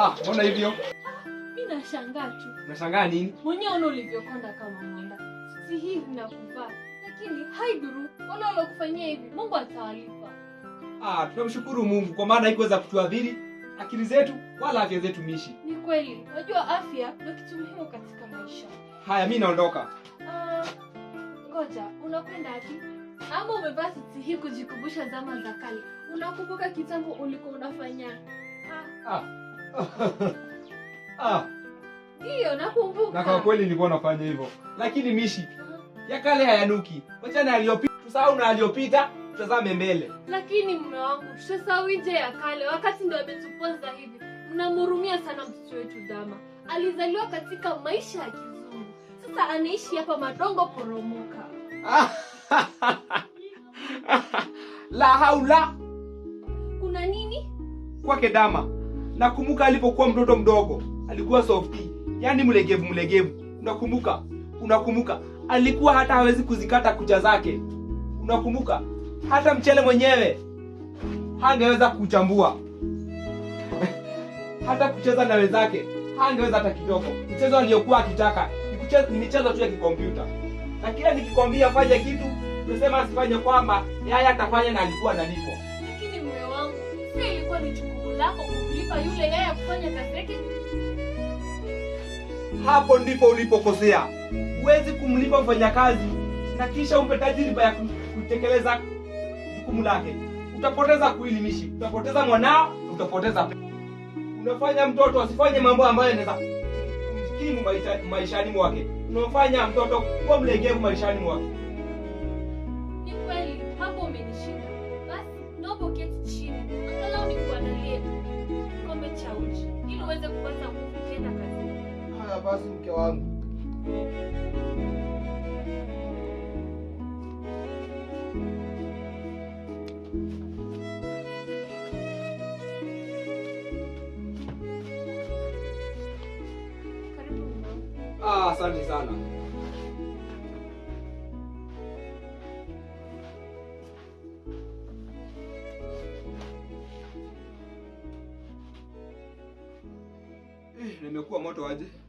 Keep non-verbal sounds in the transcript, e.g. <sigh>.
Ah, mbona hivyo? Mimi nashangaa tu. Unashangaa nini? Mwenyewe una ulivyokonda kama mwenda. Si hivi nakuvaa. Lakini haiduru, wala wala kufanyia hivi. Mungu atawalipa. Ah, tunamshukuru Mungu kwa maana haikuweza kutuadhiri akili zetu wala afya zetu mishi. Ni kweli. Unajua afya ndio kitu muhimu katika maisha. Haya, mimi naondoka. Ah, ngoja, unakwenda wapi? Ama umevaa suti hii kujikumbusha zama za kale? Unakumbuka kitambo ulikuwa unafanya? Ah. ah. <laughs> ah. Ndiyo, nakumbuka. Na kwa kweli nilikuwa nafanya hivyo. Lakini Mishi, ya kale hayanuki. Wacha na aliyopita, tusahau na aliyopita, tazame mbele. Lakini mume wangu, tusahau nje ya kale wakati ndio ametuponza hivi. Mnamhurumia sana mtoto wetu Dama. Alizaliwa katika maisha ya kizungu. Sasa anaishi hapa madongo poromoka. <laughs> La haula. Kuna nini? Kwake Dama. Nakumbuka alipokuwa mtoto mdogo, alikuwa softy, yaani mlegevu mlegevu. Unakumbuka? Unakumbuka? Alikuwa hata hawezi kuzikata kucha zake. Unakumbuka? Hata mchele mwenyewe hangeweza kuchambua. <laughs> hata kucheza na wenzake hangeweza hata kidogo. Mchezo aliyokuwa akitaka ni michezo tu ya kikompyuta, na kila nikikwambia fanya kitu, unasema asifanye, kwamba yeye atafanya na alikuwa analipwa ilikuwa ni jukumu lako kumlipa yule yeye kufanya kazi yake. Hapo ndipo ulipokosea. Huwezi kumlipa mfanyakazi na kisha umpe tajriba ya kutekeleza jukumu lake. Utapoteza kuilimishi, utapoteza mwanao, utapoteza. Unafanya mtoto asifanye mambo ambayo yanaweza kumkimu maishani mwake. Unafanya mtoto kuwa mlegevu maishani mwake. Ni kweli hapo umenishinda. Basi chini. nafasi basi, mke wangu, ah, asante ah, sana. Eh, nimekuwa moto aje?